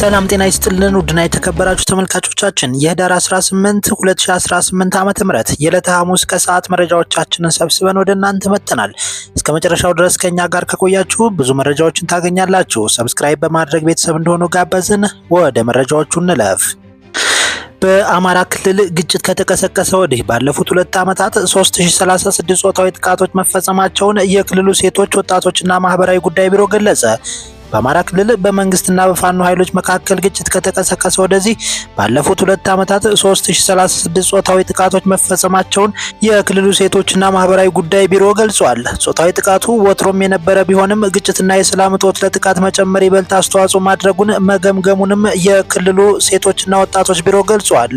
ሰላም ጤና ይስጥልን ውድና የተከበራችሁ ተመልካቾቻችን የህዳር 18 2018 ዓ ም የዕለተ ሐሙስ ከሰዓት መረጃዎቻችንን ሰብስበን ወደ እናንተ መጥተናል። እስከ መጨረሻው ድረስ ከእኛ ጋር ከቆያችሁ ብዙ መረጃዎችን ታገኛላችሁ። ሰብስክራይብ በማድረግ ቤተሰብ እንደሆኑ ጋበዝን። ወደ መረጃዎቹ እንለፍ። በአማራ ክልል ግጭት ከተቀሰቀሰ ወዲህ ባለፉት ሁለት ዓመታት 3036 ጾታዊ ጥቃቶች መፈጸማቸውን የክልሉ ሴቶች ወጣቶችና ማህበራዊ ጉዳይ ቢሮ ገለጸ። በአማራ ክልል በመንግስትና በፋኖ ኃይሎች መካከል ግጭት ከተቀሰቀሰ ወደዚህ ባለፉት ሁለት ዓመታት 3036 ጾታዊ ጥቃቶች መፈጸማቸውን የክልሉ ሴቶችና ማህበራዊ ጉዳይ ቢሮ ገልጿል። ጾታዊ ጥቃቱ ወትሮም የነበረ ቢሆንም ግጭትና የሰላም እጦት ለጥቃት መጨመር ይበልጥ አስተዋጽኦ ማድረጉን መገምገሙንም የክልሉ ሴቶችና ወጣቶች ቢሮ ገልጿል።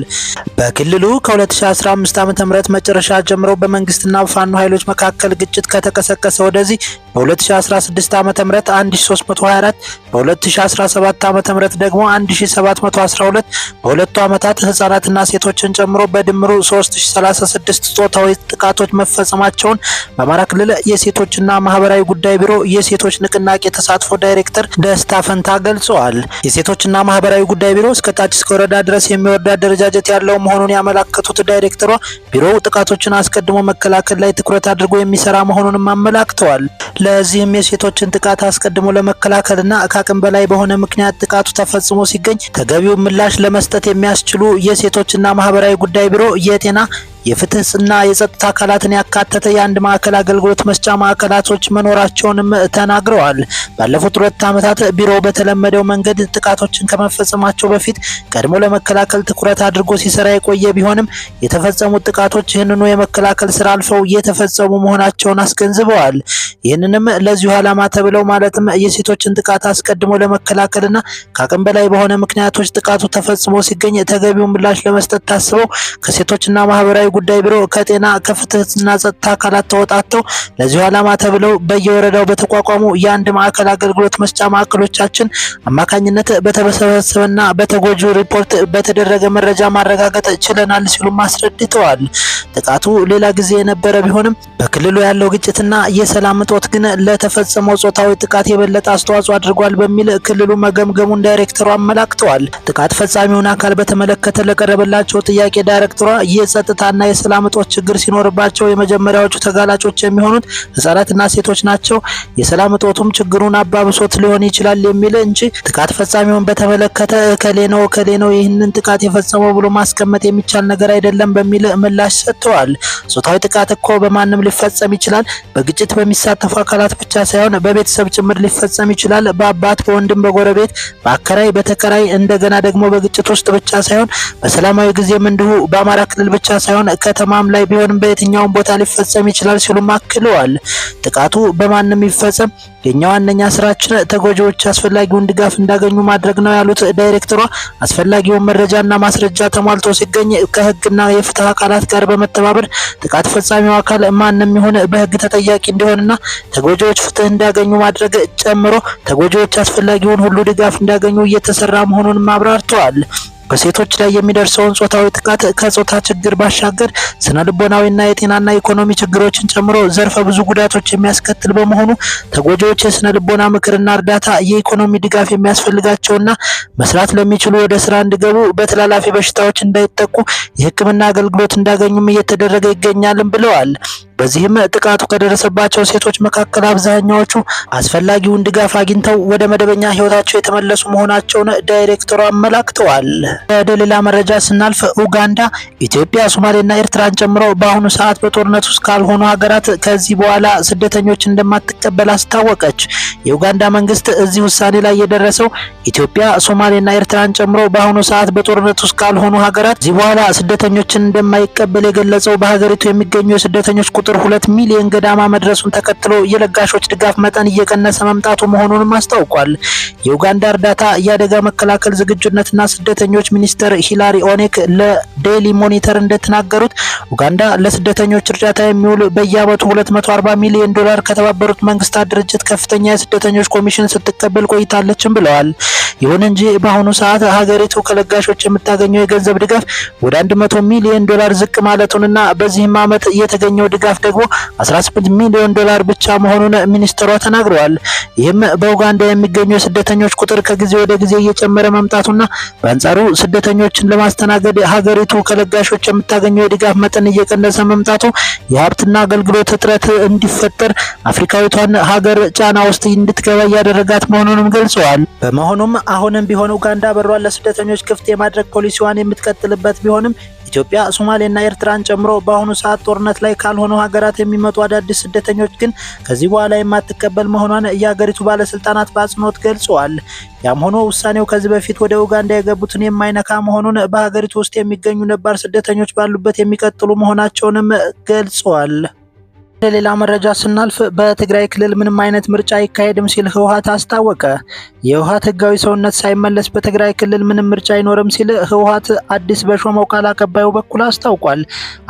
በክልሉ ከ2015 ዓ ም መጨረሻ ጀምሮ በመንግስትና በፋኖ ኃይሎች መካከል ግጭት ከተቀሰቀሰ ወደዚህ በ2016 ዓ.ም 1324 በ2017 ም ደግሞ 1712 በሁለቱ ዓመታት ህጻናትና ሴቶችን ጨምሮ በድምሩ 3036 ጾታዊ ጥቃቶች መፈጸማቸውን በአማራ ክልል የሴቶችና ማህበራዊ ጉዳይ ቢሮ የሴቶች ንቅናቄ ተሳትፎ ዳይሬክተር ደስታ ፈንታ ገልጸዋል። የሴቶችና ማህበራዊ ጉዳይ ቢሮ እስከታች እስከ ወረዳ ድረስ የሚወርድ አደረጃጀት ያለው መሆኑን ያመላከቱት ዳይሬክተሯ ቢሮው ጥቃቶችን አስቀድሞ መከላከል ላይ ትኩረት አድርጎ የሚሰራ መሆኑንም አመላክተዋል። ለዚህም የሴቶችን ጥቃት አስቀድሞ ለመከላከልና ከአቅም በላይ በሆነ ምክንያት ጥቃቱ ተፈጽሞ ሲገኝ ተገቢው ምላሽ ለመስጠት የሚያስችሉ የሴቶችና ማህበራዊ ጉዳይ ቢሮ፣ የጤና የፍትህና የጸጥታ አካላትን ያካተተ የአንድ ማዕከል አገልግሎት መስጫ ማዕከላቶች መኖራቸውንም ተናግረዋል። ባለፉት ሁለት ዓመታት ቢሮው በተለመደው መንገድ ጥቃቶችን ከመፈጸማቸው በፊት ቀድሞ ለመከላከል ትኩረት አድርጎ ሲሰራ የቆየ ቢሆንም የተፈጸሙት ጥቃቶች ይህንኑ የመከላከል ስራ አልፈው እየተፈጸሙ መሆናቸውን አስገንዝበዋል። ይህንንም ለዚሁ ዓላማ ተብለው ማለትም የሴቶችን ጥቃት አስቀድሞ ለመከላከልና ከአቅም በላይ በሆነ ምክንያቶች ጥቃቱ ተፈጽሞ ሲገኝ ተገቢው ምላሽ ለመስጠት ታስበው ከሴቶችና ማህበራዊ ጉዳይ ቢሮ ከጤና ከፍትህና ጸጥታ አካላት ተወጣተው ለዚሁ ዓላማ ተብለው በየወረዳው በተቋቋሙ የአንድ ማዕከል አገልግሎት መስጫ ማዕከሎቻችን አማካኝነት በተሰበሰበና በተጎጆ ሪፖርት በተደረገ መረጃ ማረጋገጥ ችለናል ሲሉም አስረድተዋል። ጥቃቱ ሌላ ጊዜ የነበረ ቢሆንም በክልሉ ያለው ግጭትና የሰላም እጦት ግን ለተፈጸመው ጾታዊ ጥቃት የበለጠ አስተዋጽኦ አድርጓል በሚል ክልሉ መገምገሙን ዳይሬክተሩ አመላክተዋል። ጥቃት ፈጻሚውን አካል በተመለከተ ለቀረበላቸው ጥያቄ ዳይሬክተሯ የጸጥታ የጸጥታና የሰላም እጦት ችግር ሲኖርባቸው የመጀመሪያዎቹ ተጋላጮች የሚሆኑት ህጻናትና ሴቶች ናቸው። የሰላም እጦቱም ችግሩን አባብሶት ሊሆን ይችላል የሚል እንጂ ጥቃት ፈጻሚውን በተመለከተ እከሌ ነው እከሌ ነው ይህንን ጥቃት የፈጸመው ብሎ ማስቀመጥ የሚቻል ነገር አይደለም በሚል ምላሽ ሰጥተዋል። ጾታዊ ጥቃት እኮ በማንም ሊፈጸም ይችላል። በግጭት በሚሳተፉ አካላት ብቻ ሳይሆን በቤተሰብ ጭምር ሊፈጸም ይችላል። በአባት፣ በወንድም፣ በጎረቤት፣ በአከራይ፣ በተከራይ እንደገና ደግሞ በግጭት ውስጥ ብቻ ሳይሆን በሰላማዊ ጊዜም እንዲሁ በአማራ ክልል ብቻ ሳይሆን በሱዳን ከተማም ላይ ቢሆንም በየትኛውም ቦታ ሊፈጸም ይችላል ሲሉም አክለዋል። ጥቃቱ በማንም ይፈጸም የኛ ዋነኛ ስራችን ተጎጂዎች አስፈላጊውን ድጋፍ እንዳገኙ ማድረግ ነው ያሉት ዳይሬክተሯ አስፈላጊውን መረጃና ማስረጃ ተሟልቶ ሲገኝ ከህግና የፍትህ አካላት ጋር በመተባበር ጥቃት ፈጻሚው አካል ማንም ይሁን በህግ ተጠያቂ እንዲሆንና ተጎጂዎች ፍትህ እንዲያገኙ ማድረግ ጨምሮ ተጎጂዎች አስፈላጊውን ሁሉ ድጋፍ እንዲያገኙ እየተሰራ መሆኑንም አብራርተዋል። በሴቶች ላይ የሚደርሰውን ጾታዊ ጥቃት ከጾታ ችግር ባሻገር ስነ ልቦናዊና የጤናና ኢኮኖሚ ችግሮችን ጨምሮ ዘርፈ ብዙ ጉዳቶች የሚያስከትል በመሆኑ ተጎጂዎች የስነ ልቦና ምክርና እርዳታ፣ የኢኮኖሚ ድጋፍ የሚያስፈልጋቸውና መስራት ለሚችሉ ወደ ስራ እንዲገቡ፣ በተላላፊ በሽታዎች እንዳይጠቁ የሕክምና አገልግሎት እንዳገኙም እየተደረገ ይገኛልም ብለዋል። በዚህም ጥቃቱ ከደረሰባቸው ሴቶች መካከል አብዛኛዎቹ አስፈላጊውን ድጋፍ አግኝተው ወደ መደበኛ ህይወታቸው የተመለሱ መሆናቸውን ዳይሬክተሩ አመላክተዋል። ወደ ሌላ መረጃ ስናልፍ ኡጋንዳ፣ ኢትዮጵያ፣ ሶማሌና ኤርትራን ጨምሮ በአሁኑ ሰዓት በጦርነት ውስጥ ካልሆኑ ሀገራት ከዚህ በኋላ ስደተኞች እንደማት እንደምትቀበል አስታወቀች። የኡጋንዳ መንግስት እዚህ ውሳኔ ላይ የደረሰው ኢትዮጵያ ሶማሌና ኤርትራን ጨምሮ በአሁኑ ሰዓት በጦርነት ውስጥ ካልሆኑ ሀገራት እዚህ በኋላ ስደተኞችን እንደማይቀበል የገለጸው በሀገሪቱ የሚገኙ የስደተኞች ቁጥር ሁለት ሚሊዮን ገዳማ መድረሱን ተከትሎ የለጋሾች ድጋፍ መጠን እየቀነሰ መምጣቱ መሆኑንም አስታውቋል። የኡጋንዳ እርዳታ የአደጋ መከላከል ዝግጁነትና ስደተኞች ሚኒስትር ሂላሪ ኦኔክ ለዴይሊ ሞኒተር እንደተናገሩት ኡጋንዳ ለስደተኞች እርዳታ የሚውል በየአመቱ 240 ሚሊዮን ዶላር ከተባበሩት መንግስታት ድርጅት ከፍተኛ የስደተኞች ኮሚሽን ስትቀበል ቆይታለችም ብለዋል። ይሁን እንጂ በአሁኑ ሰዓት ሀገሪቱ ከለጋሾች የምታገኘው የገንዘብ ድጋፍ ወደ 100 ሚሊዮን ዶላር ዝቅ ማለቱንና በዚህም ዓመት የተገኘው ድጋፍ ደግሞ 18 ሚሊዮን ዶላር ብቻ መሆኑን ሚኒስትሯ ተናግረዋል። ይህም በኡጋንዳ የሚገኙ የስደተኞች ቁጥር ከጊዜ ወደ ጊዜ እየጨመረ መምጣቱና በአንጻሩ ስደተኞችን ለማስተናገድ ሀገሪቱ ከለጋሾች የምታገኘው የድጋፍ መጠን እየቀነሰ መምጣቱ የሀብትና አገልግሎት እጥረት እንዲፈጠር አፍሪካዊ ራሷን ሀገር ጫና ውስጥ እንድትገባ እያደረጋት መሆኑንም ገልጸዋል። በመሆኑም አሁንም ቢሆን ኡጋንዳ በሯን ለስደተኞች ክፍት የማድረግ ፖሊሲዋን የምትቀጥልበት ቢሆንም ኢትዮጵያ፣ ሶማሌና ኤርትራን ጨምሮ በአሁኑ ሰዓት ጦርነት ላይ ካልሆኑ ሀገራት የሚመጡ አዳዲስ ስደተኞች ግን ከዚህ በኋላ የማትቀበል መሆኗን የሀገሪቱ ባለስልጣናት በአጽንኦት ገልጸዋል። ያም ሆኖ ውሳኔው ከዚህ በፊት ወደ ኡጋንዳ የገቡትን የማይነካ መሆኑን በሀገሪቱ ውስጥ የሚገኙ ነባር ስደተኞች ባሉበት የሚቀጥሉ መሆናቸውንም ገልጸዋል። ለሌላ መረጃ ስናልፍ በትግራይ ክልል ምንም አይነት ምርጫ አይካሄድም ሲል ህወሓት አስታወቀ። የህወሓት ህጋዊ ሰውነት ሳይመለስ በትግራይ ክልል ምንም ምርጫ አይኖርም ሲል ህወሓት አዲስ በሾመው ቃል አቀባዩ በኩል አስታውቋል።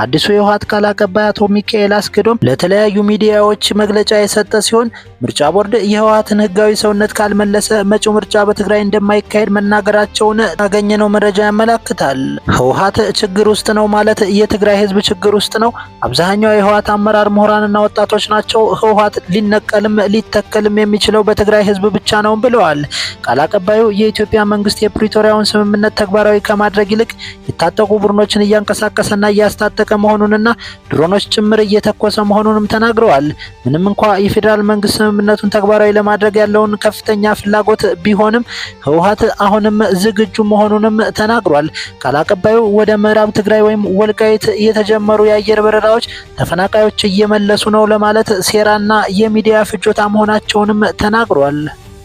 አዲሱ የህወሓት ቃል አቀባይ አቶ ሚካኤል አስገዶም ለተለያዩ ሚዲያዎች መግለጫ የሰጠ ሲሆን ምርጫ ቦርድ የህወሓትን ህጋዊ ሰውነት ካልመለሰ መጪው ምርጫ በትግራይ እንደማይካሄድ መናገራቸውን ያገኘነው መረጃ ያመለክታል። ህወሓት ችግር ውስጥ ነው ማለት የትግራይ ህዝብ ችግር ውስጥ ነው። አብዛኛው የህወሓት አመራር ምሁራን ምሁራንና ወጣቶች ናቸው። ህወሀት ሊነቀልም ሊተከልም የሚችለው በትግራይ ህዝብ ብቻ ነው ብለዋል። ቃል አቀባዩ የኢትዮጵያ መንግስት የፕሪቶሪያውን ስምምነት ተግባራዊ ከማድረግ ይልቅ የታጠቁ ቡድኖችን እያንቀሳቀሰና እያስታጠቀ መሆኑንና ድሮኖች ጭምር እየተኮሰ መሆኑንም ተናግረዋል። ምንም እንኳ የፌዴራል መንግስት ስምምነቱን ተግባራዊ ለማድረግ ያለውን ከፍተኛ ፍላጎት ቢሆንም ህወሀት አሁንም ዝግጁ መሆኑንም ተናግሯል። ቃል አቀባዩ ወደ ምዕራብ ትግራይ ወይም ወልቃይት የተጀመሩ የአየር በረራዎች ተፈናቃዮች እየመለ እየተመለሱ ነው ለማለት ሴራና የሚዲያ ፍጆታ መሆናቸውንም ተናግሯል።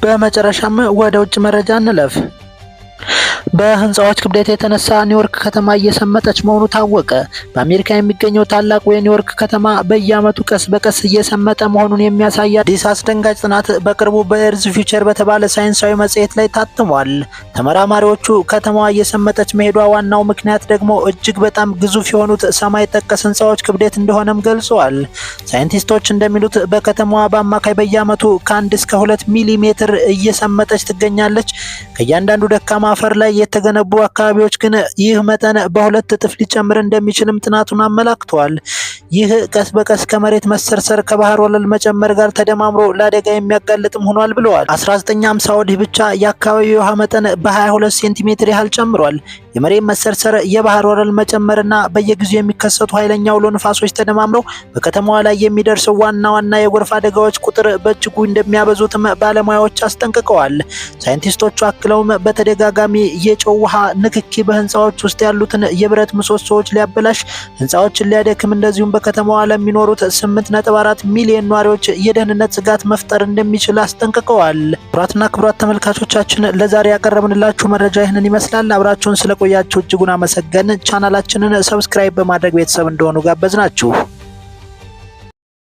በመጨረሻም ወደ ውጭ መረጃ እንለፍ። በህንፃዎች ክብደት የተነሳ ኒውዮርክ ከተማ እየሰመጠች መሆኑ ታወቀ። በአሜሪካ የሚገኘው ታላቁ የኒውዮርክ ከተማ በየዓመቱ ቀስ በቀስ እየሰመጠ መሆኑን የሚያሳይ አዲስ አስደንጋጭ ጥናት በቅርቡ በኤርዝ ፊውቸር በተባለ ሳይንሳዊ መጽሔት ላይ ታትሟል። ተመራማሪዎቹ ከተማዋ እየሰመጠች መሄዷ ዋናው ምክንያት ደግሞ እጅግ በጣም ግዙፍ የሆኑት ሰማይ ጠቀስ ህንፃዎች ክብደት እንደሆነም ገልጸዋል። ሳይንቲስቶች እንደሚሉት በከተማዋ በአማካይ በየዓመቱ ከአንድ እስከ ሁለት ሚሊ ሜትር እየሰመጠች ትገኛለች። ከእያንዳንዱ ደካማ አፈር ላይ የተገነቡ አካባቢዎች ግን ይህ መጠን በሁለት እጥፍ ሊጨምር እንደሚችልም ጥናቱን አመላክተዋል። ይህ ቀስ በቀስ ከመሬት መሰርሰር ከባህር ወለል መጨመር ጋር ተደማምሮ ለአደጋ የሚያጋልጥም ሆኗል ብለዋል። 1950 ወዲህ ብቻ የአካባቢው የውሃ መጠን በ22 ሴንቲሜትር ያህል ጨምሯል። የመሬት መሰርሰር፣ የባህር ወለል መጨመርና በየጊዜው የሚከሰቱ ኃይለኛ አውሎ ንፋሶች ተደማምረው በከተማዋ ላይ የሚደርሰው ዋና ዋና የጎርፍ አደጋዎች ቁጥር በእጅጉ እንደሚያበዙትም ባለሙያዎች አስጠንቅቀዋል። ሳይንቲስቶቹ አክለውም በተደጋጋሚ የጨው ውሃ ንክኪ በህንፃዎች ውስጥ ያሉትን የብረት ምሰሶዎች ሊያበላሽ፣ ህንፃዎችን ሊያደክም እንደዚሁም በከተማዋ ለሚኖሩት 8.4 ሚሊዮን ነዋሪዎች የደህንነት ስጋት መፍጠር እንደሚችል አስጠንቅቀዋል። ክቡራትና ክቡራት ተመልካቾቻችን ለዛሬ ያቀረብንላችሁ መረጃ ይህንን ይመስላል። አብራችሁን ስለ ስለቆያችሁ እጅጉን አመሰገን። ቻናላችንን ሰብስክራይብ በማድረግ ቤተሰብ እንደሆኑ ጋበዝ ናችሁ።